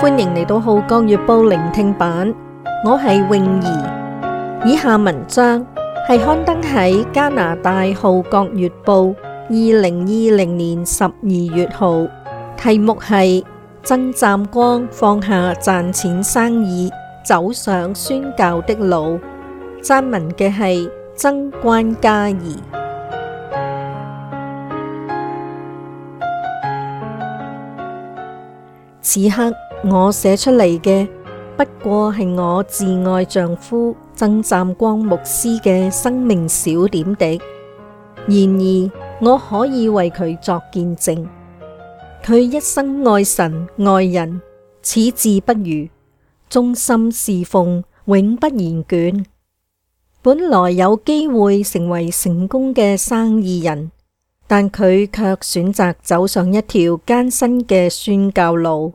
歡迎嚟到《浩江月報》聆聽版，我係泳儀。以下文章係刊登喺加拿大《浩江月報》二零二零年十二月號，題目係曾湛光放下賺錢生意，走上宣教的路。撰文嘅係曾關嘉怡。此刻。我寫出嚟嘅不過係我摯愛丈夫曾湛光牧師嘅生命小點滴。然而，我可以為佢作見證，佢一生愛神愛人，矢志不渝，忠心事奉，永不言倦。本來有機會成為成功嘅生意人，但佢卻選擇走上一條艱辛嘅宣教路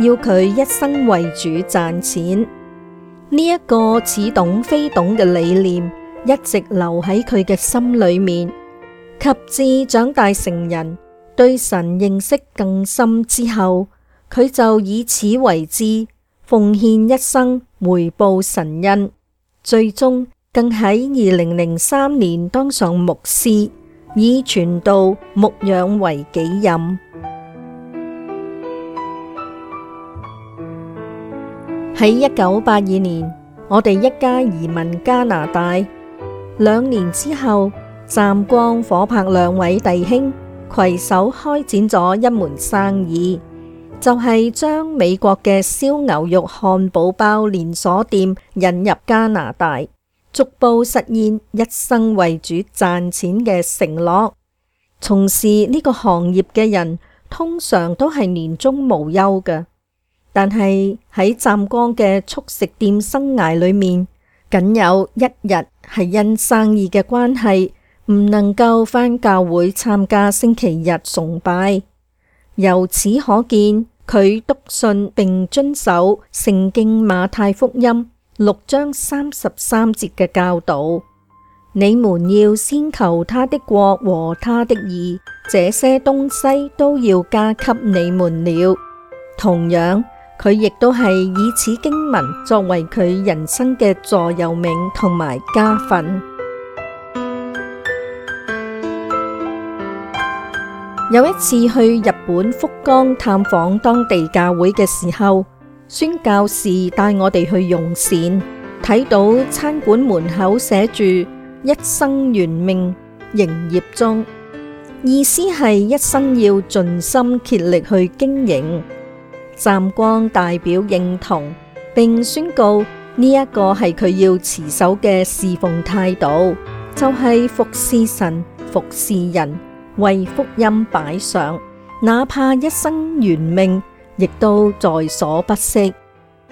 要佢一生為主賺錢，呢、這、一個似懂非懂嘅理念一直留喺佢嘅心裏面。及至長大成人，對神認識更深之後，佢就以此為志，奉獻一生回報神恩。最終更喺二零零三年當上牧師，以傳道牧養為己任。喺一九八二年，我哋一家移民加拿大。兩年之後，湛光夥拍兩位弟兄攜手開展咗一門生意，就係將美國嘅燒牛肉漢堡包連鎖店引入加拿大，逐步實現一生為主賺錢嘅承諾。從事呢個行業嘅人，通常都係年終無憂嘅。但係喺湛光嘅速食店生涯裏面，僅有一日係因生意嘅關係唔能夠翻教會參加星期日崇拜。由此可見，佢篤信並遵守《聖經》馬太福音六章三十三節嘅教導：「你們要先求他的國和他的義，這些東西都要加給你們了。」同樣。佢亦都係以此經文作為佢人生嘅座右銘同埋家訓。有一次去日本福岡探訪當地教會嘅時候，宣教士帶我哋去用膳，睇到餐館門口寫住“一生懸命營業中”，意思係一生要盡心竭力去經營。湛光代表認同，並宣告呢一、這個係佢要持守嘅侍奉態度，就係、是、服侍神、服侍人，為福音擺上，哪怕一生懸命，亦都在所不惜。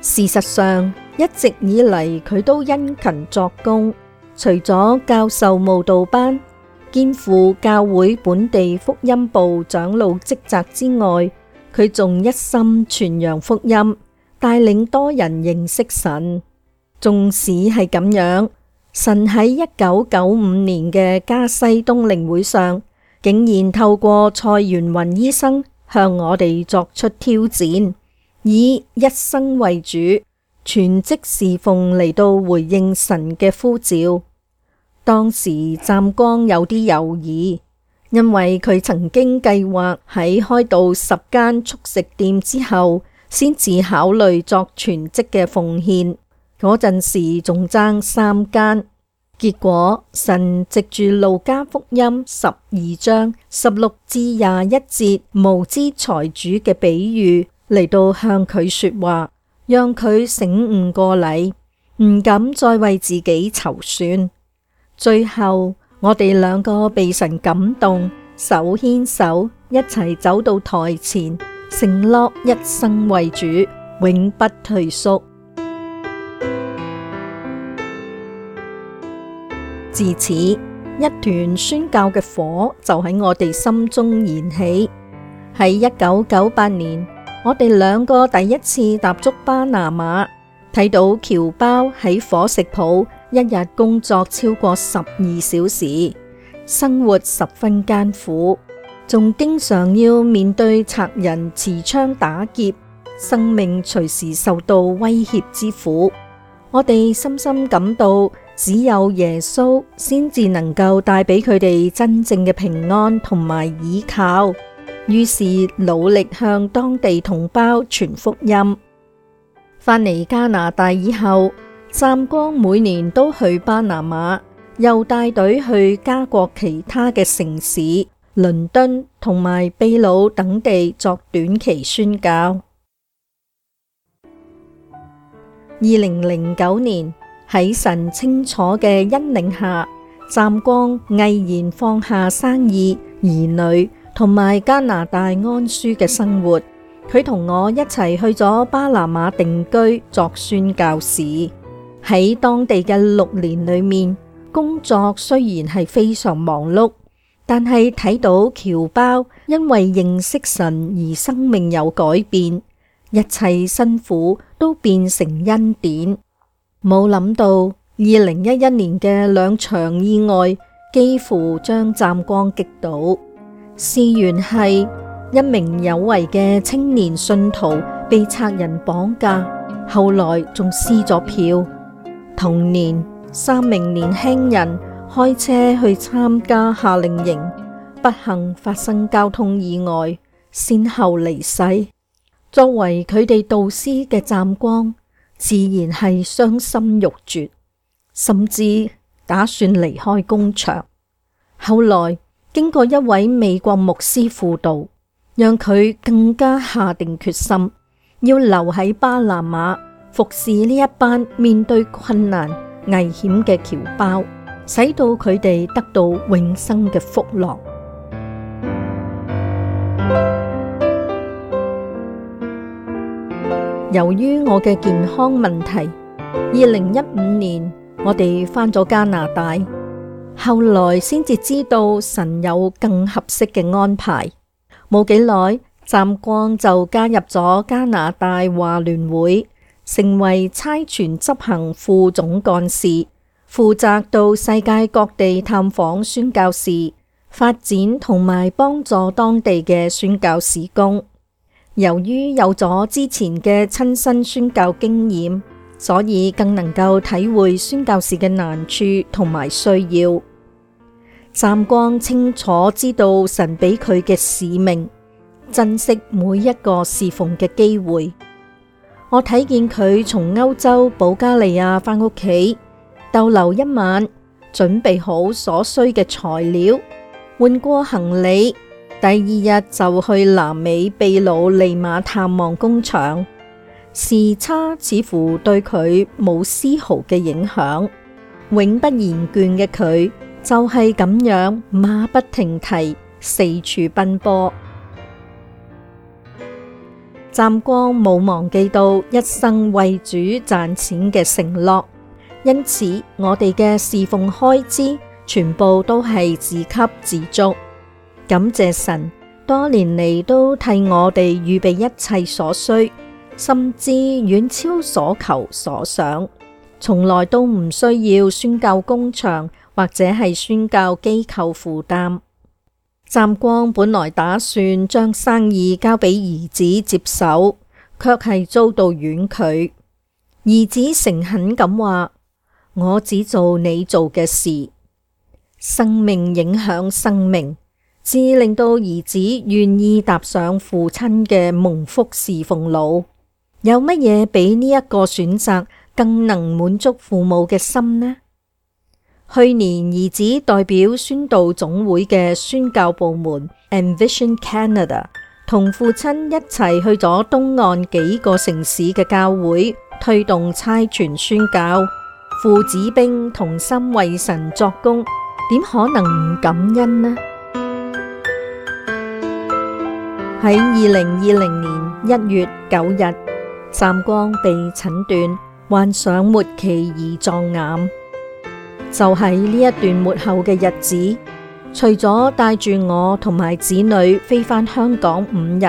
事實上，一直以嚟佢都殷勤作工，除咗教授慕道班、肩負教會本地福音部長老職責之外。佢仲一心傳揚福音，帶領多人認識神。縱使係咁樣，神喺一九九五年嘅加西冬靈會上，竟然透過蔡元雲醫生向我哋作出挑戰，以一生為主，全職侍奉嚟到回應神嘅呼召。當時湛光有啲猶豫。因為佢曾經計劃喺開到十間速食店之後，先至考慮作全職嘅奉獻。嗰陣時仲爭三間，結果神藉住路加福音十二章十六至廿一節無知財主嘅比喻嚟到向佢說話，讓佢醒悟過嚟，唔敢再為自己籌算。最後。我哋兩個被神感動，手牽手一齊走到台前，承諾一生為主，永不退縮。自此，一團宣教嘅火就喺我哋心中燃起。喺一九九八年，我哋兩個第一次踏足巴拿馬，睇到僑胞喺伙食鋪。一日工作超過十二小時，生活十分艱苦，仲經常要面對賊人持槍打劫，生命隨時受到威脅之苦。我哋深深感到，只有耶穌先至能夠帶俾佢哋真正嘅平安同埋倚靠，於是努力向當地同胞傳福音。返嚟加拿大以後。湛光每年都去巴拿馬，又帶隊去加國其他嘅城市，倫敦同埋秘魯等地作短期宣教。二零零九年喺神清楚嘅引領下，湛光毅然放下生意、兒女同埋加拿大安舒嘅生活，佢同我一齊去咗巴拿馬定居作宣教士。喺當地嘅六年裏面，工作雖然係非常忙碌，但係睇到僑胞因為認識神而生命有改變，一切辛苦都變成恩典。冇諗到二零一一年嘅兩場意外，幾乎將湛光擊倒。事緣係一名有為嘅青年信徒被賊人綁架，後來仲撕咗票。同年，三名年輕人開車去參加夏令營，不幸發生交通意外，先後離世。作為佢哋導師嘅湛光，自然係傷心欲絕，甚至打算離開工場。後來經過一位美國牧師輔導，讓佢更加下定決心要留喺巴拿馬。服侍呢一班面對困難危險嘅僑胞，使到佢哋得到永生嘅福樂。由於我嘅健康問題，二零一五年我哋返咗加拿大，後來先至知道神有更合適嘅安排。冇幾耐，湛光就加入咗加拿大華聯會。成為差傳執行副總幹事，負責到世界各地探訪宣教士，發展同埋幫助當地嘅宣教士工。由於有咗之前嘅親身宣教經驗，所以更能夠體會宣教士嘅難處同埋需要。湛光清楚知道神俾佢嘅使命，珍惜每一個侍奉嘅機會。我睇見佢從歐洲保加利亞翻屋企逗留一晚，準備好所需嘅材料，換過行李，第二日就去南美秘魯利馬探望工廠。時差似乎對佢冇絲毫嘅影響，永不言倦嘅佢就係咁樣馬不停蹄四處奔波。湛光冇忘記到一生為主賺錢嘅承諾，因此我哋嘅侍奉開支全部都係自給自足。感謝神多年嚟都替我哋預備一切所需，甚至遠超所求所想，從來都唔需要宣教工場或者係宣教機構負擔。湛光本來打算將生意交俾兒子接手，卻係遭到婉拒。兒子誠懇咁話：我只做你做嘅事。生命影響生命，至令到兒子願意踏上父親嘅蒙福侍奉路。有乜嘢比呢一個選擇更能滿足父母嘅心呢？去年，兒子代表宣道總會嘅宣教部門 Envision Canada，同父親一齊去咗東岸幾個城市嘅教會，推動差傳宣教。父子兵同心為神作工，點可能唔感恩呢？喺二零二零年一月九日，湛光被診斷患上末期胰臟癌。就喺呢一段末後嘅日子，除咗帶住我同埋子女飛返香港五日，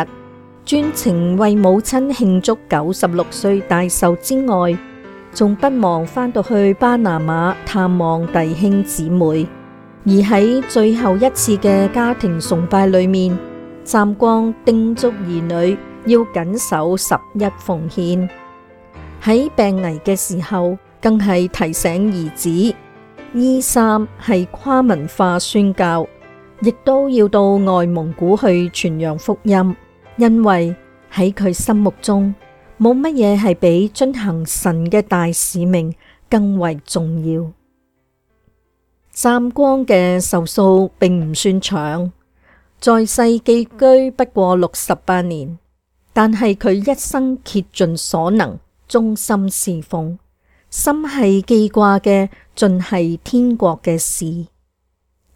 專程為母親慶祝九十六歲大壽之外，仲不忘返到去巴拿馬探望弟兄姊妹。而喺最後一次嘅家庭崇拜裏面，湛光叮囑兒女要謹守十一奉獻。喺病危嘅時候，更係提醒兒子，伊三係跨文化宣教，亦都要到外蒙古去傳揚福音，因為喺佢心目中冇乜嘢係比遵行神嘅大使命更為重要。湛光嘅壽數並唔算長，在世寄居不過六十八年，但係佢一生竭盡所能，忠心侍奉。心繫記掛嘅，盡係天國嘅事，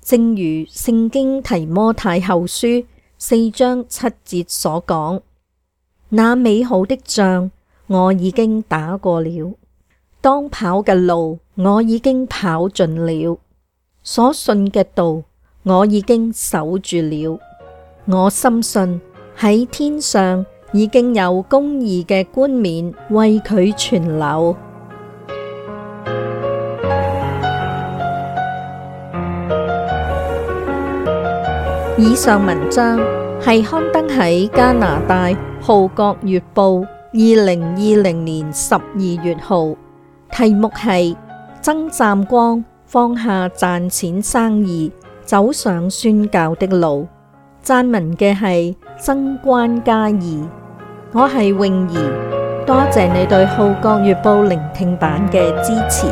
正如聖經提摩太後書四章七節所講，那美好的仗，我已經打過了，當跑嘅路，我已經跑盡了，所信嘅道，我已經守住了。我深信，喺天上已經有公義嘅冠冕，為佢存留。以上文章係刊登喺加拿大《號角月報》二零二零年十二月號，題目係曾湛光放下賺錢生意，走上宣教的路。撰文嘅係曾關嘉怡。我係泳兒，多謝你對《號角月報》聆聽版嘅支持。